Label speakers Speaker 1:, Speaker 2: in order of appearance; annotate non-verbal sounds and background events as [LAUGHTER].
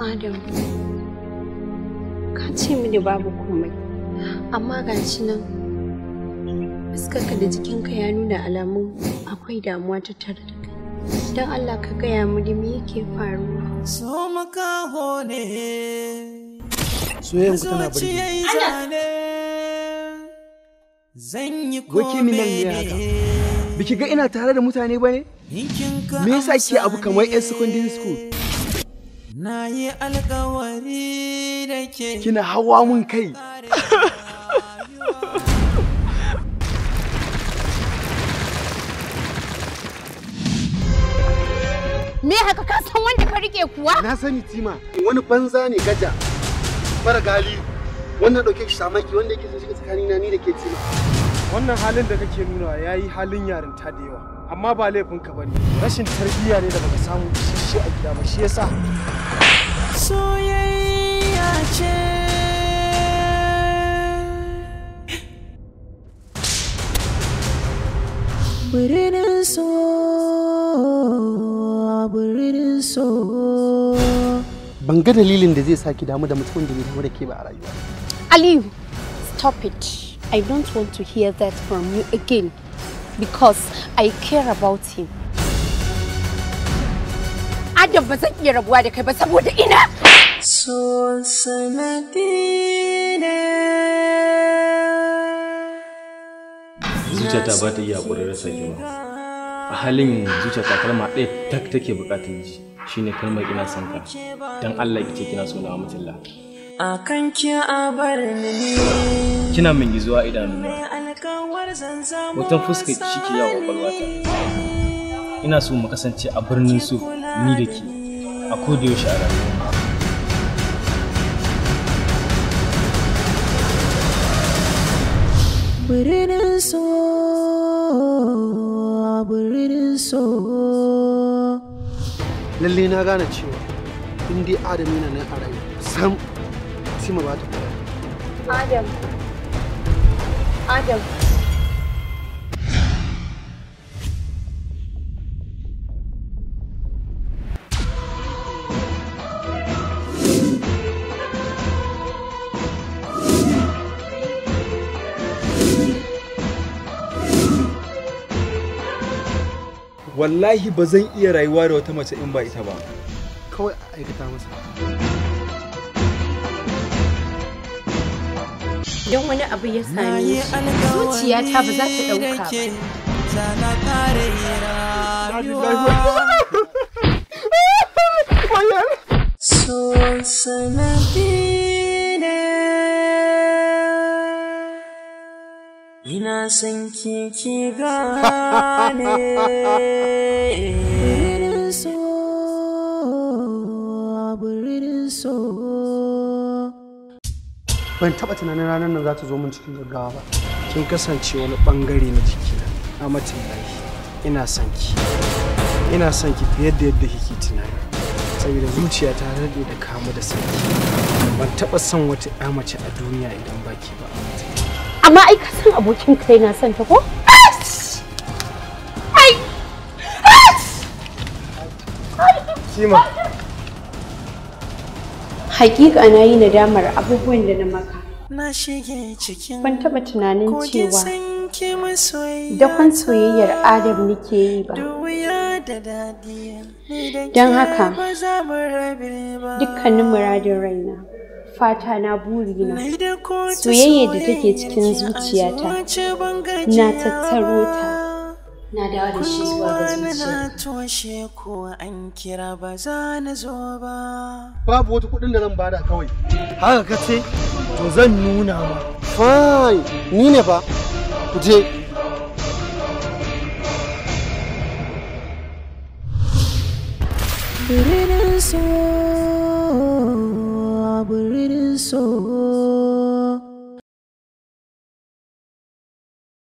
Speaker 1: Adam, ka ce mini babu komai, amma ga shi da jikinka ya nuna alamu akwai damuwa ta tare da kai. Don Allah ka gaya mini me yake faruwa. So makaho ne. Soyayyar ku tana burge. Zan yi komai ne. Biki ga ina tare da mutane ba ne? Me yasa ke abu kamar 'yan secondary school? Na alkawari da ke kina hawa mun kai. [LAUGHS] Me haka ka san wanda ka rike kuwa? Na sani Tima, wani banza ne gaja. Fara gali, wannan dauke shi samaki wanda yake son shiga tsakanina ni da ke Tima. wannan halin da kake nuna ya yi halin yarinta da yawa amma ba laifin ka ne rashin tarbiyya ne da baka samu shi a gida ba shi ya sa soyayya ce Birinin so, birinin so. Ban ga dalilin da zai sa ki damu da mutumin da bai da ke ba a rayuwa. Aliyu, stop it. I don't want to hear that from you again because I care about him. Adam ba zan iya rabuwa da kai ba saboda ina. So sanadi ne. Zuciyata ba ta iya ƙurar rasa ki ba. A halin zuciyata kalma ɗaya tak take buƙatar ji shine kalmar ina son ka. Dan Allah ki ce kina so na mutulla. a kan ki a bar ni kina min gizuwa idanu wata fuskar ki shike yawa ina so mu kasance a birnin su ni da ke a kodayaushe a birnin so birnin so lalle na gane cewa in dai na nan a rayu sam simulado. Adam Adam wallahi ba zan iya rayuwa da wata mace in ba ita ba kawai aikata masa idan wani abu ya same shi ta ba za ta ɗauka ba. So Ina san ki gane ban taba tunanin ranar nan za ta zo min cikin gaggawa ba kin kasance wani bangare na jikina na matin ina son ki ina son ki fiye da yadda kike tunani saboda zuciya ta rage da kamu da sanki ban taba son wata ɗa mace a duniya idan ba ki ba amma ai ka san abokin kai na son ta ko Sima. Hakika na yi nadamar abubuwan da na maka. Na shige cikin Ban taɓa tunanin cewa dakon soyayyar Adam nake yi ba. Don haka dukkanin muradin raina. fata na burina soyayya da take cikin zuciyata na tattaro ta na dawo da shi zuwa ga zuciya. toshe ko an kira ba za na zo ba. Babu wata kuɗin da zan bada kawai. Haka ka ce to zan nuna ma. Fai ni ne ba ku je. Birnin so, birnin so.